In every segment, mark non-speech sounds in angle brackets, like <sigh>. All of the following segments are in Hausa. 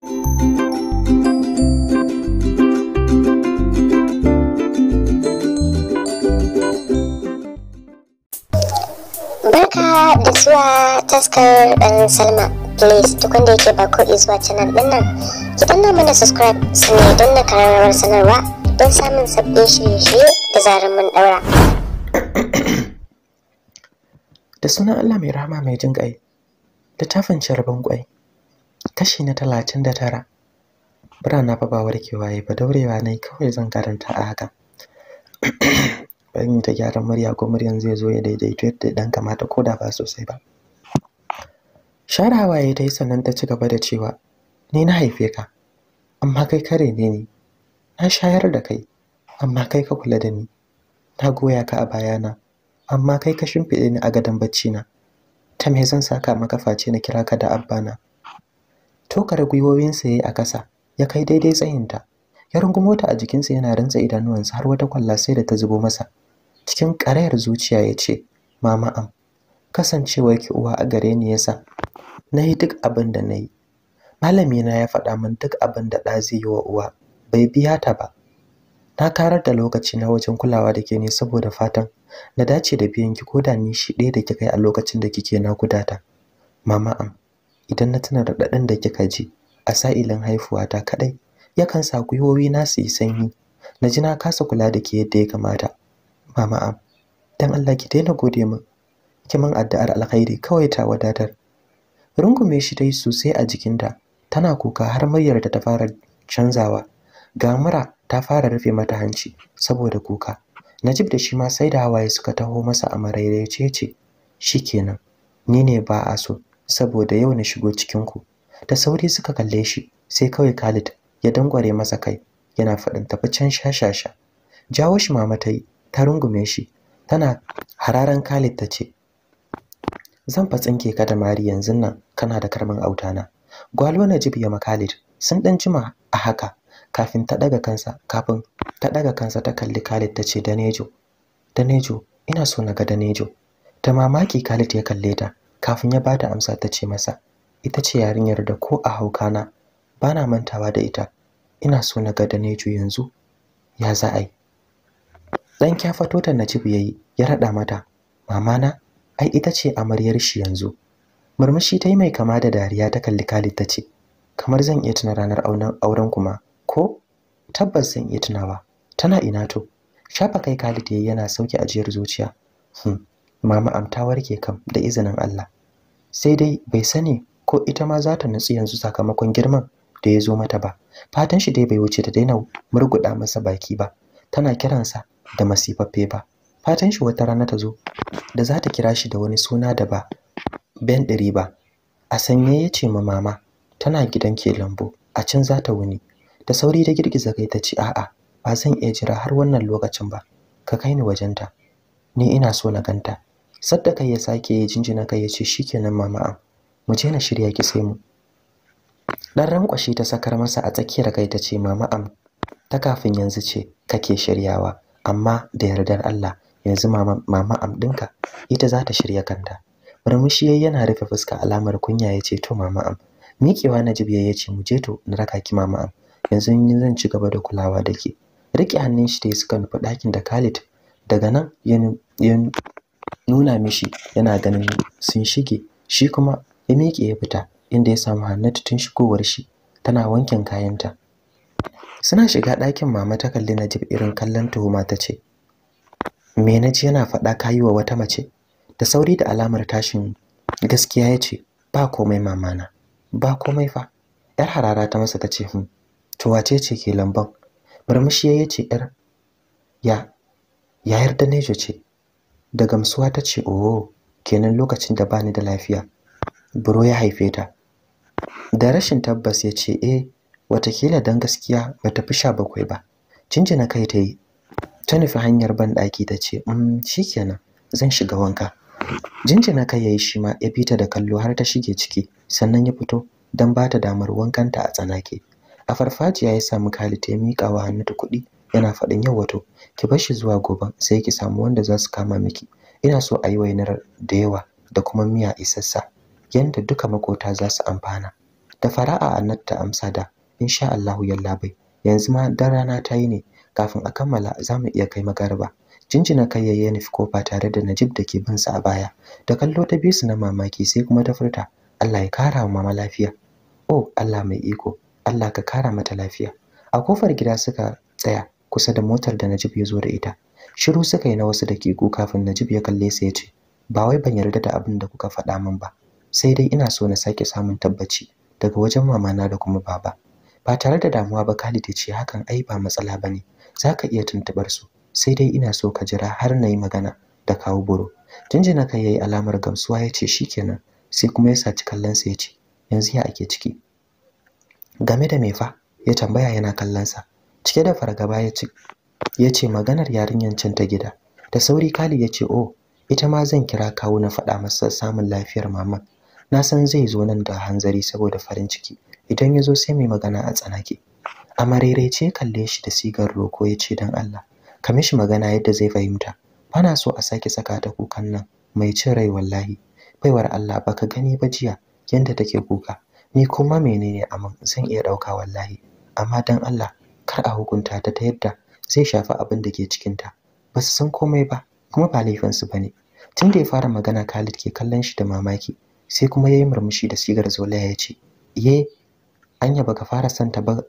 Barka da zuwa taskar ɗan Salma. Please duk wanda yake ba ko zuwa canal ɗin nan, ki danna mana subscribe su ne don na kararrawar sanarwa don samun sabbin shirye-shirye da zarar mun ɗaura. Da sunan Allah mai rahama mai jin ƙai, littafin rabon ƙwai. kashi na talatin da tara birana fa ba warkewa yi ba daurewa na kawai zan karanta a haka <clears throat> bayan ta gyaran murya ko muryan zai zo ya daidaito yadda dan kamata ko da ba sosai ba share hawaye ta yi sannan ta ci gaba da cewa ni na haife ka amma kai kare ne ni na shayar da kai amma kai ka kula da ni na goya ka a bayana amma kai ka shimfiɗe ni a gadon bacci na ta me zan saka maka face na kira ka da abbana tokar gwiwowinsa ya yi a kasa, ya kai daidai tsayinta ya rungumo ta a jikinsa yana rantsa idanuwansa har wata kwalla sai da ta zubo masa cikin ƙarayar zuciya ya ce mama am kasancewar ki uwa a gare ni yasa na yi duk abin da na yi malami na ya faɗa min duk abin da ɗa zai yi wa uwa bai biya ta ba na karar da lokaci na wajen kulawa da ke ne saboda fatan na dace da biyan ki ko da ni shi ɗaya da kika yi a lokacin da kike na gudata, mama am idan na tuna dadin da kika ji a sa'ilin haifuwata kaɗai yakan sa gwiwowi na su yi sanyi na ji na kasa kula da ke yadda ya kamata mama am dan Allah ki daina gode min ki min addu'ar alkhairi kawai ta wadatar rungume shi dai sosai a jikinta tana kuka har muryar ta fara canzawa ga ta fara rufe mata hanci saboda kuka Najib da shi ma sai da hawaye suka taho masa a maraidaice ce shikenan ni ne ba a so saboda yau na shigo cikin ku da sauri suka kalle shi sai kawai Khalid ya dangware masa kai yana faɗin tafi can shashasha jawo shi mama ta ta rungume shi tana hararan Khalid ta ce zan fa tsinke ka da mari yanzu nan kana da karmin autana gwalo Najib ya Khalid sun dan jima a haka kafin ta daga kansa kafin ta daga kansa ta kalli Khalid ta ce Danejo Danejo ina so na ga Danejo ta mamaki Khalid ya kalle ta kafin ya bata amsa ta ce masa ita ce yarinyar da ko a hauka na bana mantawa da ita ina so na ga Danejo yanzu ya za a yi dan kyafato ta Najib yayi ya raɗa mata mama na ai ita ce amaryar shi yanzu murmushi ta yi mai kama da dariya ta kalli Khalid ta ce kamar zan iya tuna ranar auren kuma ko tabbas zan iya tunawa tana ina to shafa kai Khalid yayi yana sauke ajiyar zuciya hmm, mama amtawar warke kam da izinin Allah sai dai bai sani ko ita ma za ta nutsu yanzu sakamakon girman da ya zo mata ba fatan shi dai bai wuce ta daina murguɗa masa baki ba tana kiransa da masifaffe ba fatan shi wata rana ta zo da za ta kira shi da wani suna da ba ben ɗari ba a sanye ya ce ma mama tana gidan ke lambu a can za ta wuni da sauri da girgiza kai ta ce a'a ba zan iya jira har wannan lokacin ba ka kai ni wajenta ni ina so na ganta sadda kai ya sake ya jinjina kai ya ce shikenan mama am mu je na shirya ki sai mu dan rankwashi ta sakar masa a tsakiyar kai ta ce mama am ta kafin yanzu ce kake shiryawa amma da yardar Allah yanzu mama mama am dinka ita za ta shirya kanta murmushi yayi yana rufe fuska alamar kunya ya ce to mama am miƙewa Najib ya ce mu je to na raka ki mama am yanzu zan ci gaba da kulawa da ke rike hannun shi da suka nufi ɗakin da Khalid daga nan ya nuna mishi yana ganin sun shige shi kuma ya miƙe ya fita inda ya samu Hannatu tun shigowar shi tana wankin kayanta suna shiga ɗakin mama ta kalli na Najib irin kallon tuhuma ta ce me ji yana faɗa kayi wa wata mace da sauri da alamar tashin gaskiya ya ce ba komai mamana ba komai fa yar harara ta masa ta ce hmm to wace ce ke lamban murmushi ya ce yar ya yayar da nejo ce da gamsuwa ta ce oh kenan lokacin da bani da lafiya buro ya haife ta da rashin tabbas ya ce eh watakila don gaskiya bata fi sha bakwai ba cinjina kai ta yi ta nufi hanyar ban ɗaki ta ce mm, kenan zan shiga wanka jinjina kai ya yi shi ma ya bi ta da kallo har ta shige ciki sannan ya fito don ba ta damar wankanta a tsanake a farfajiya ya samu Khalid ya hannu hannu ta kuɗi yana faɗin yau wato ki bar shi zuwa gobe sai ki samu wanda za su kama miki ina so a yi wainar da yawa da kuma miya isassa yanda duka makota za su amfana da fara'a annat ta amsa da insha Allahu yallabai yanzu ma dan rana ta yi ne kafin a kammala za mu iya kai magaraba jinjina kai yayye nufi kofa tare da Najib da ke bin sa a baya da kallo ta bisu na mamaki sai kuma ta furta Allah ya kara wa mama lafiya oh Allah mai iko Allah ka kara mata lafiya a kofar gida suka tsaya kusa da motar da Najib ya zo da ita shiru suka yi na wasu da dakiku kafin Najib ya kalle su ya ce ba wai ban yarda da abin da kuka faɗa min ba sai dai ina so na sake samun tabbaci daga wajen mamana da kuma baba ba tare da damuwa ba Khalid ya ce hakan ai ba matsala ba bane zaka iya tuntubar su sai dai ina so ka jira har na yi magana da kawo buro jinjina kai yayi alamar gamsuwa ya ce shikenan sai kuma ya saci kallonsa ya ce yanzu ya ake ciki game da me fa ya tambaya yana kallonsa cike da fargaba ya ce maganar yarinyar can ta gida da sauri kali ya ce oh ita ma zan kira kawo na faɗa masa samun lafiyar maman. na san zai zo nan da hanzari saboda farin ciki idan ya zo sai mai magana a tsanake a ce kalle shi da sigar roko ya ce don allah ka mishi magana yadda zai fahimta bana so a sake saka ta kukan nan mai cin rai wallahi baiwar allah baka gani ba jiya yadda take kuka ni kuma menene amma zan iya ɗauka wallahi amma don allah kar a hukunta ta ta yadda zai shafi abin da ke cikinta ba su san komai ba kuma ba laifinsu ba ne tun da ya fara magana Khalid ke kallon shi da mamaki sai kuma yayi murmushi da sigar zolaya ya ce ye anya baka fara santa ba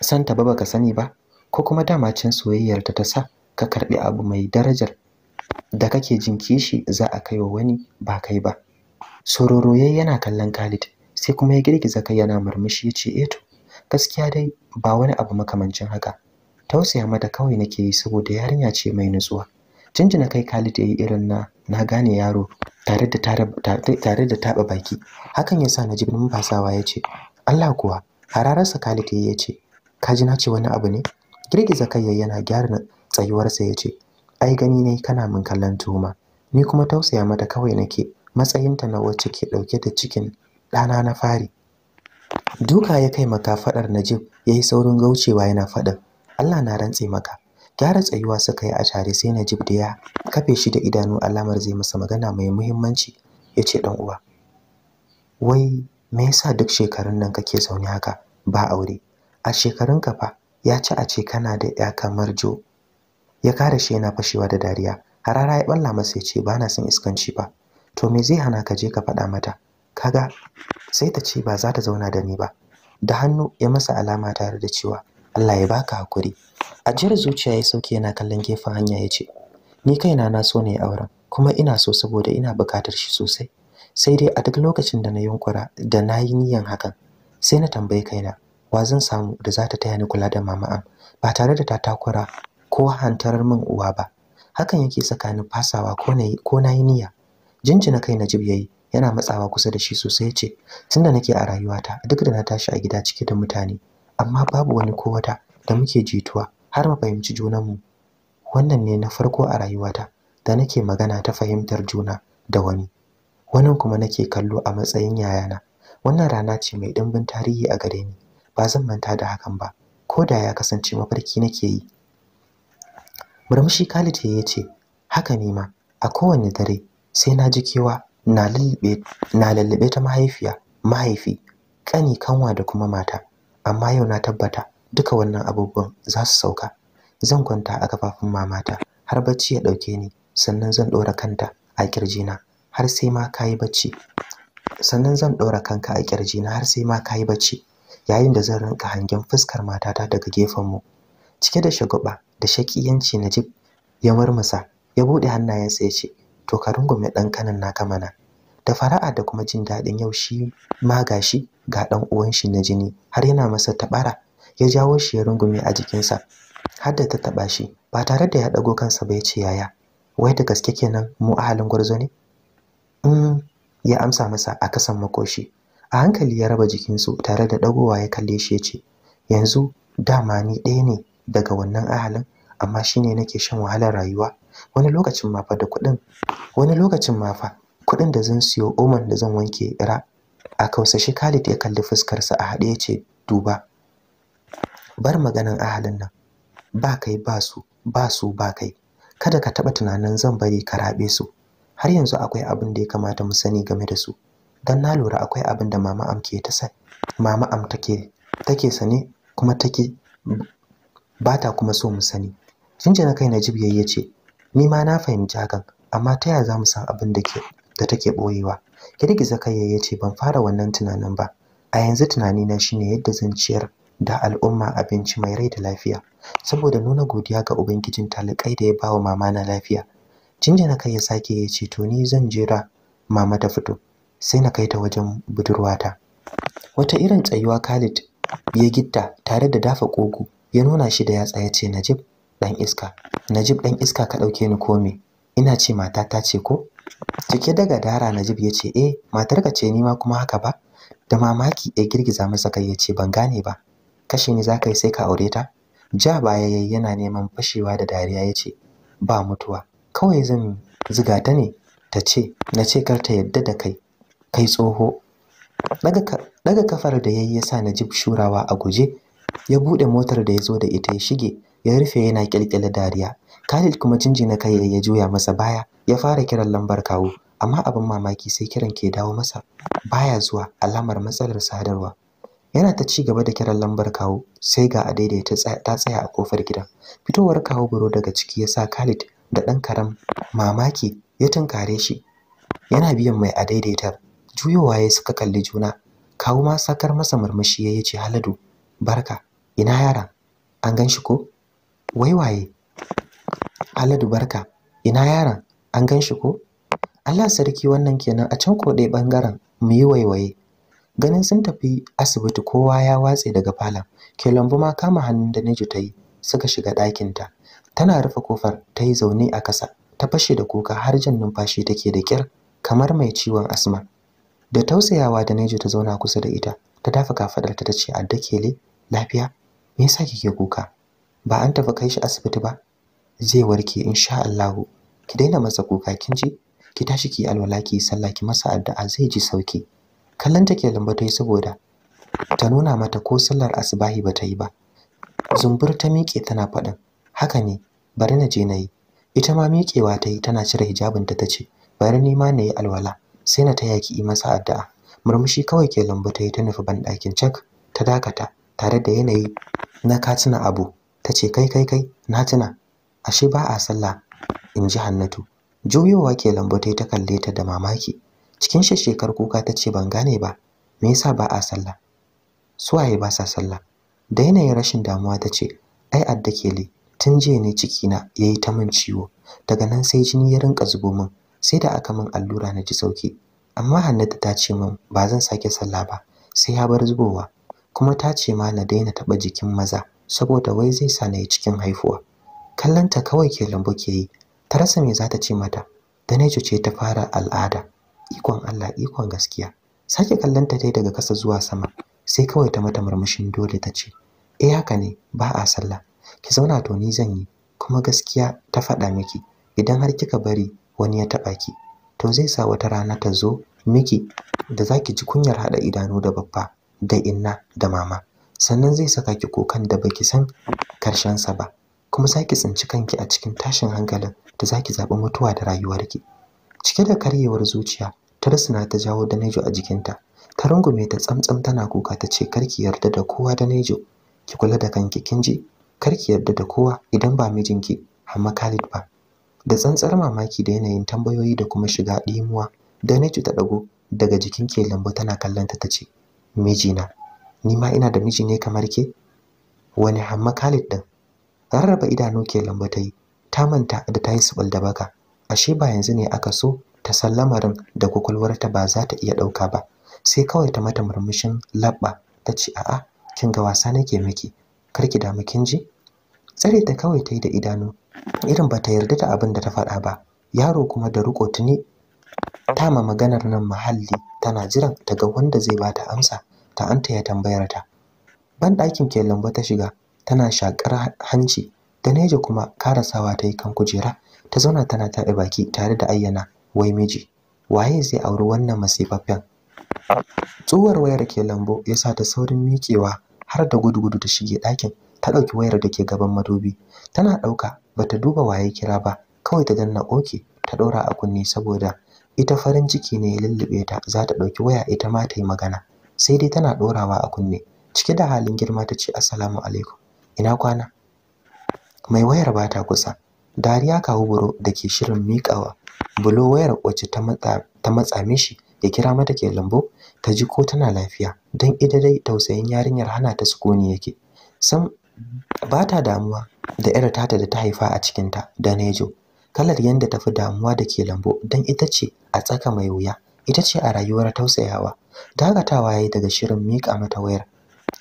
santa ba baka sani ba ko kuma dama cin soyayyar ta sa ka karbi abu mai darajar da kake jin kishi za a kai wa wani ba kai ba sororoye yana kallon Khalid sai kuma ya girgiza kai yana murmushi ya ce eto eh gaskiya dai ba wani abu makamancin haka tausaya mata kawai nake yi saboda yarinya ce mai nutsuwa jinjina kai Khalid yayi irin na na gane yaro tare da tare taba baki hakan yasa na ji bin fasawa yace Allah kuwa hararsa Khalid ya yace ka ji na ce wani abu ne girgiza kai yayi yana gyara tsayuwarsa yace ai gani ne kana min kallon tuhuma ni kuma tausaya mata kawai nake matsayinta na wacce ke dauke da cikin ɗana na fari duka ya kai maka fadar najib yayi yi saurin gaucewa yana faɗa. allah na rantse maka gyara tsayuwa suka yi a tare sai najib da ya kafe shi da idanu alamar zai masa magana mai muhimmanci yace dan uwa wai me yasa duk shekarun nan kake zaune haka ba aure a shekarun ka fa ya ci a ce kana da ya kamar jo ya kare shi yana fashewa da dariya harara ya balla masa ya ce ba na son iskanci ba to me zai hana ka je ka faɗa mata kaga sai ta ce ba za ta zauna da ni ba da hannu ya masa alama tare da cewa Allah ya baka hakuri ajiyar zuciya ya sauke yana kallon gefen hanya ya ce ni kaina na so ne auren kuma ina so saboda ina buƙatar shi sosai sai dai a duk lokacin da na yunkura da na yi niyan hakan sai na tambayi kaina wa zan samu da za ta taya ni kula da mama am ba tare da ta takura ko hantarar min uwa ba hakan yake saka ni fasawa ko na yi niyya jinjina kai na jib yayi yana matsawa kusa da shi sosai ya ce tunda nake a rayuwata duk da na tashi a gida cike da mutane amma babu wani ko wata da muke jituwa har mu fahimci junanmu wannan ne na farko a rayuwata da nake magana ta fahimtar juna da wani wannan kuma nake kallo a matsayin yayana wannan rana ce mai dimbin tarihi a gare ni ba zan manta da hakan ba ko da ya kasance mafarki nake yi murmushi Khalid ya ce haka ne ma a kowanne dare sai na ji kewa na lallaɓe ta mahaifiya mahaifi ƙani kanwa da kuma mata amma yau na tabbata duka wannan abubuwan za su sauka zan kwanta a kafafun mamata har bacci ya ɗauke ni sannan zan ɗora kanta a na har sai ma kayi bacci sannan zan dora kanka a na har sai ma kayi bacci yayin da zan rinka hangen fuskar matata daga gefen mu cike da shagwaba da shakiyanci Najib ya murmusa ya buɗe hannayensa ya ce to ka rungume dan kanin naka mana da fara'a da kuma jin daɗin yau shi ma gashi ga dan uwan shi na jini har yana masa taɓara, ya jawo shi ya rungume a jikinsa har da ta taɓa shi ba tare da ya dago kansa ba ya ce yaya wai da gaske kenan mu ahalin gwarzo ne mm ya amsa masa a kasan makoshi a hankali ya raba jikinsu tare da dagowa ya kalle shi ya ce yanzu dama ni ɗaya ne daga wannan ahalin amma shine nake shan wahalar rayuwa wani lokacin ma fa da kuɗin wani lokacin ma kuɗin da zan siyo oman da zan wanke ra a kausashi Khalid ya kalli fuskarsa a haɗe ya ce duba bar maganan ahalin nan ba kai ba su ba su ba kai kada ka taɓa tunanin zan bari ka raɓe su har yanzu akwai abin da ya kamata mu sani game da su don na lura akwai abin da mama am ke ta sa mama am take take sane kuma take ba ta kuma so mu sani jinjina kai na jibiyayye ce ni ma na fahimci hakan amma ta yaya mu san abin da ke da take boyewa girgiza kai ya ce ban fara wannan tunanin ba a yanzu tunani na shine yadda zan ciyar da al'umma abinci mai rai da lafiya saboda nuna godiya ga ubangijin talikai da ya bawa mama na lafiya na kai ya sake ya ce to ni zan jira mama ta fito sai na kai ta wajen budurwata wata irin tsayuwa Khalid ya gitta tare da dafa kogo ya nuna shi da yatsa ya ce Najib dan iska Najib dan iska ka dauke ni ko me ina ce matata ce ko cike daga dara Najib ya ce eh matarka ce ni ma kuma haka ba da mamaki ya girgiza masa kai ya ce ban gane ba kashe ni zaka yi sai ka aure ta ja baya yayi yana neman fashewa da dariya ya ce ba mutuwa kawai zan ziga ta ne ta ce na ce kar ta yadda da kai kai tsoho daga kafar da yayi yasa Najib shurawa a guje ya bude motar da ya zo da ita ya shige ya rufe yana kyalkyale dariya Khalid kuma jinjina kai ya juya masa baya ya fara kiran lambar kawo amma abin mamaki sai kiran ke dawo masa baya zuwa alamar matsalar sadarwa yana ta ci gaba da kiran lambar kawo sai ga a daidaita ta tsaya a kofar gidan fitowar kawo buro daga ciki ya sa Khalid da ɗan karam mamaki ya tunkare shi yana biyan mai a daidaitar juyowa ya suka kalli juna kawo ma sakar masa murmushi ya ce haladu barka ina yaran? an gan shi ko wai waye Haladu barka ina yaron an gan shi ko Allah sarki wannan kenan a can koɗe ɓangaren mu yi waiwaye ganin sun tafi asibiti kowa ya watse daga falon ke lambu ma kama hannun da Neji ta yi suka shiga ɗakinta tana rufe kofar ta yi zaune a ƙasa ta fashe da kuka har jan numfashi take da ƙyar kamar mai ciwon asma da tausayawa da Neji ta zauna kusa da ita ta dafa kafaɗarta ta ce adda kele lafiya me yasa kike kuka ba an tafi kai shi asibiti ba zai warke insha Allah ki daina masa kuka kin ji ki tashi ki alwala ki sallah ki masa addu'a zai ji sauki kallon ta ke saboda ta nuna mata ko sallar asbahi ba ta yi ba zumbur ta miƙe tana faɗin haka ne bari na je na ita ma miƙewa ta yi tana cire hijabin ta ce bari ni ma na yi alwala sai na taya ki yi masa addu'a murmushi kawai ke lambu ta yi ta nufi banɗakin cak ta dakata tare da yanayi na katina abu Ta ce, kai kai kai na tuna ashe ba a sallah in ji Hannatu juyowa ke lambatai ta kalle ta da mamaki cikin shekar kuka ta ce ban gane ba me yasa ba a sallah suwaye ba sa sallah da yin rashin damuwa ta ce. ai adda kele tun je ne ciki na yayi ta min ciwo daga nan sai jini ya rinka zubo min sai da aka min allura na ji sauki amma Hannatu ta ce min ba zan sake sallah ba sai ya bar zubowa kuma ta ce ma na daina taɓa jikin maza saboda wai zai sa na yi cikin haifuwa kallanta kawai ke lambu ke yi ta rasa me za ta ce mata danejo ce ta fara al'ada ikon Allah ikon gaskiya sake kallanta dai daga kasa zuwa sama sai kawai ta mata murmushin dole ta ce eh haka ne ba a sallah ki zauna to ni zan yi kuma gaskiya ta faɗa miki idan har kika bari wani ya taɓa ki to zai sa wata rana ta zo miki da zaki ji kunyar haɗa idanu da babba da inna da mama sannan zai saka ki kokan da baki san karshen sa ba kuma saki tsinci kanki a cikin tashin hankalin da zaki zaɓi mutuwa da rayuwarki cike da karyewar zuciya ta rasuna ta jawo nejo a jikinta ta rungume ta tsamtsam tana kuka ta ce karki yarda da kowa nejo ki kula da kanki kin ji karki yarda da kowa idan ba mijinki amma Khalid ba da tsantsar mamaki da yanayin tambayoyi da kuma shiga ɗimuwa nejo ta dago daga jikin ke lambu tana kallon ta tace mijina ni ma ina da miji ne kamar ke wani hamma Khalid din rarraba idanu ke lambu ta yi ta manta da ta yi subul da baka ashe ba yanzu ne aka so ta san lamarin da ta ba za ta iya ɗauka ba sai kawai ta mata murmushin labba ta ce a'a kin ga wasa nake miki kar ki damu kin ji tsare ta kawai ta yi da idanu irin ba ta yarda da abin da ta faɗa ba yaro kuma da riko tuni tama maganar nan muhalli. tana jiran ta ga wanda zai bata amsa Ta anta ya tambayar ta ban ɗakin ke lambu ta shiga tana shakar hanci daneja kuma karasawa ta yi kan kujera ta zauna tana taɓe baki tare da ayyana wai miji waye zai auri wannan masifaffen tsuwar wayar ke lambu ya sa ta saurin miƙewa har da gudu-gudu ta shige ɗakin ta ɗauki wayar da ke gaban madubi tana ɗauka ba ta duba waye kira ba kawai ta danna oke ta ɗora a kunne saboda ita farin ciki ne ya lullube ta za ta ɗauki waya ita ma ta yi magana sai dai tana ɗorawa a kunne cike da halin girma ta ce assalamu alaikum ina kwana mai wayar ba ta kusa dariya kawo buro da ke shirin miƙawa bulo wayar wacce ta matsa mishi ya kira mata ke lambo ta ji ko tana lafiya don ita dai tausayin yarinyar hana ta sukuni yake sam ba ta damuwa da irin tata da ta haifa a cikinta da nejo kalar yadda tafi damuwa da ke lambo don ita ce a tsaka mai wuya ita ce a rayuwar tausayawa dakatawa yayi daga shirin mika mata wayar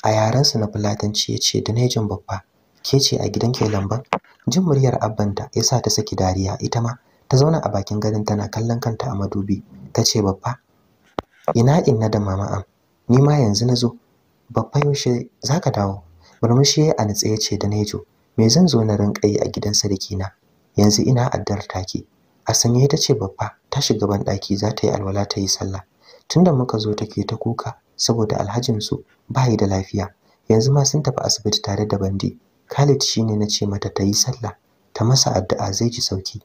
a yaran su na fulatanci yace danejin babba ke ce a gidan ke lamban jin muryar abbanta yasa ta saki dariya ita ma ta zauna a bakin gadon tana kallon kanta a madubi tace babba ina inna da mama am ni ma yanzu na zo babba yaushe zaka dawo murmushi a ya yace danejo me zan zo na rinka yi a gidan sarki na yanzu ina addar take a sanye ta ce babba ta shiga banɗaki za ta yi alwala ta yi sallah tunda muka zo take ta kuka saboda alhajin su bayi da lafiya yanzu ma sun tafi asibiti tare da bandi Khalid shine na ce mata ta yi sallah ta masa addu'a zai ji sauki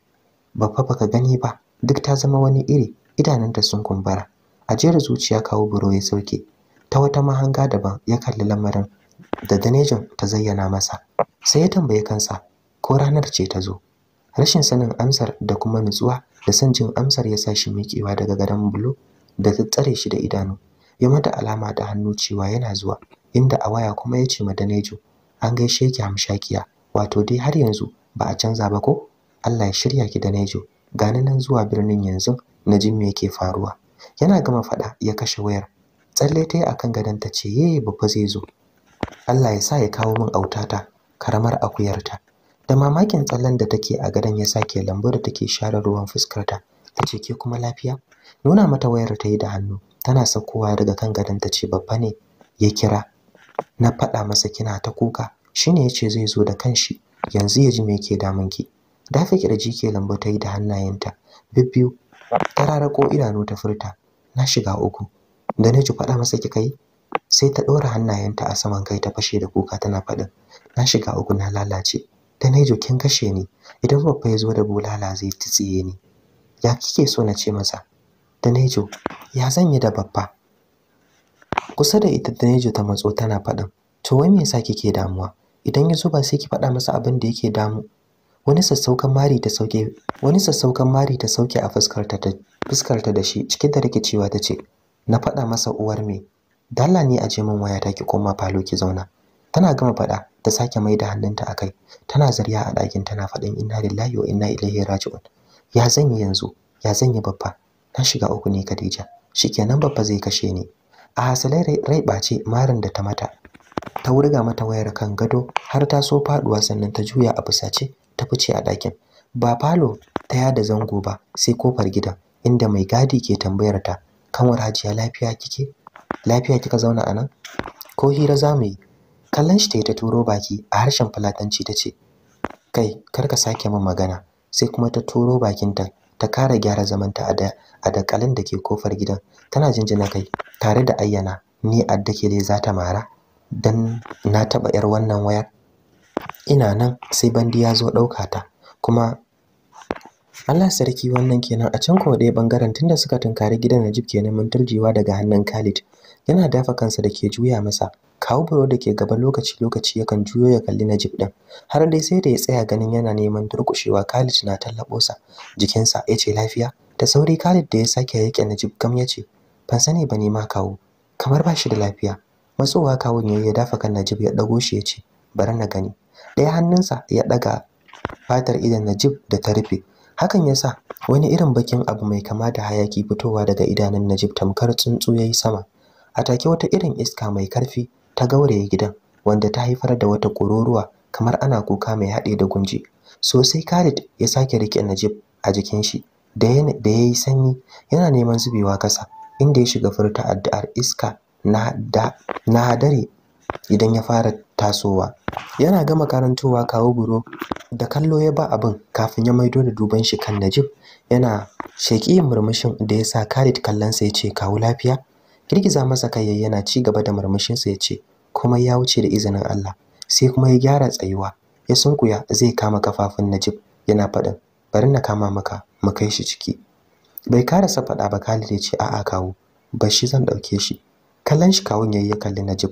ba fa baka gani ba duk ta zama wani iri idananta sun kumbara. ajiyar zuciya kawo buro ya sauke ta wata mahanga daban ya kalli lamarin da danejin ta zayyana masa sai ya tambaye kansa ko ranar ce ta zo rashin sanin amsar da kuma nutsuwa da son jin amsar ya sa shi miƙewa daga gadon bulo da ta tsare shi da idanu ya mata alama da hannu cewa yana zuwa inda a waya kuma ya ce ma an gaishe ki hamshakiya wato dai har yanzu ba a canza ba ko Allah ya shirya ki da nejo gani nan zuwa birnin yanzu na jin me yake faruwa yana gama faɗa ya kashe wayar tsalle ta yi akan gadon ta ce ye babba zai zo Allah ya sa ya kawo min autata karamar akuyarta da mamakin tsallan da take a gadon ya sake lambu da take share ruwan fuskarta ta ce ke kuma lafiya nuna mata wayar ta yi da hannu tana saukowa daga kan gadon ta ce babba ne ya kira na faɗa masa kina ta kuka shine ya ce zai zo da kanshi yanzu ya ji me ke damunki dafe kirji ke lambu ta yi da hannayenta bibbiyu ta ko idanu ta furta na shiga uku da na ji faɗa masa kika yi sai ta ɗora hannayenta a saman kai ta fashe da kuka tana faɗin na shiga uku na lalace da kin kashe ni idan babba ya zo da bulala zai tsiye ni ya kike so na ce masa da ya zan yi da babba kusa da ita da ta matso tana faɗin to wai me yasa kike damuwa idan ya zo ba sai ki faɗa masa abin da yake damu wani sassaukan mari ta sauke wani sassaukan mari ta sauke a fuskarta ta fuskarta da shi cikin da rikicewa ta ce na faɗa masa uwar me dalla ne a je min waya ta ki koma falo ki zauna tana gama faɗa ta sake mai da hannunta akai tana zarya a ɗakin tana faɗin inna lillahi wa inna ilaihi raji'un ya zanyi yanzu ya zanyi babba na shiga uku ne Khadija shikenan babba zai kashe ni a hasalai rai ɓace marin da ta mata ta wurga mata wayar kan gado har ta so faɗuwa sannan ta juya a fusace ta fice a ɗakin ba falo ta yada zango ba sai kofar gidan inda mai gadi ke tambayar ta kanwar hajiya lafiya kike lafiya kika zauna anan ko hira zamu yi kallon shi ta yi ta turo baki a harshen fulatanci ta ce kai kar ka sake min magana sai kuma ta turo bakinta ta kara gyara zamanta a dakalin da ke kofar gidan tana jinjina kai tare da ayyana ni adda ke za ta mara dan na taba yar wannan wayar ina nan sai bandi ya zo ɗauka ta kuma Allah sarki wannan kenan a can kowa ɗaya bangaren tunda suka tunkari gidan Najib kenan mun turjewa daga hannun Khalid yana dafa kansa da ke juya masa kawo buro da ke gaba lokaci lokaci yakan juyo ya kalli najib din har dai sai da ya tsaya ganin yana neman durƙushewa khalid na tallabo sa jikinsa ya ce lafiya da sauri khalid da ya sake yake najib kam ya ce ban sani ba ne ma kawo kamar ba shi da lafiya matsowa kawun ya ya dafa kan najib ya ɗago shi ya ce bari na gani ɗaya hannunsa ya ɗaga fatar idan najib da ta rufe hakan ya sa wani irin bakin abu mai kama da hayaki fitowa daga idanun najib tamkar tsuntsu ya yi sama a take wata irin iska mai karfi ta gauraye gidan wanda ta haifar da wata kururuwa kamar ana kuka mai haɗe da gunji sosai Khalid ya sake rike Najib a jikin shi da ya yi sanyi yana neman zubewa kasa inda ya shiga furta addu'ar iska na hadari idan ya fara tasowa yana gama karantowa kawo buro da kallo ya ba abin kafin ya maido da duban shi kan Najib yana sheki murmushin da ya sa Khalid kallonsa ya ce kawo lafiya girgiza masa kai yana ci gaba da murmushin ya ce kuma ya wuce da izinin Allah sai kuma ya gyara tsayuwa ya sunkuya zai kama kafafun Najib yana faɗin bari na kama maka mu kai shi ciki bai karasa faɗa ba Khalid ya ce a'a kawo shi zan dauke shi kallon shi kawun yayi ya kalli Najib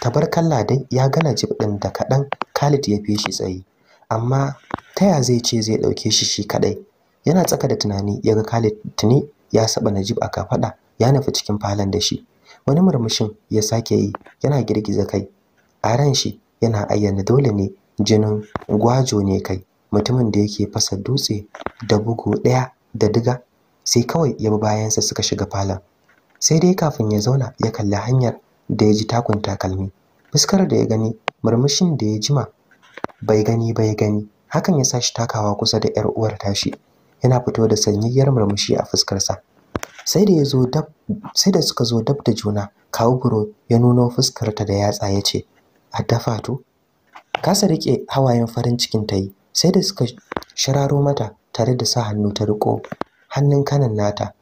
tabarkalla dai ya ga Najib din da kaɗan Khalid ya fi shi tsayi amma taya zai ce zai dauke shi shi kaɗai yana tsaka da tunani ya ga Khalid tuni ya saba Najib a kafaɗa ya nufi cikin falon da shi wani murmushin ya sake yi yana girgiza kai a ran shi yana ayyana dole ne jinin gwajo ne kai mutumin da yake fasa dutse da bugu ɗaya da diga sai kawai ya bi bayansa suka shiga falon sai dai kafin ya zauna ya kalli hanyar da ya ji takun takalmi fuskar da ya gani murmushin da ya jima bai gani bai gani hakan ya sa shi takawa kusa da 'yar uwar tashi yana fito da sanyayyar murmushi a fuskarsa sai da suka zo dab da juna kawo buro ya nuno fuskarta da yatsa ya ce a dafa to kasa rike hawayen farin cikin ta yi sai da suka shararo mata tare da sa hannu ta riko hannun kanan nata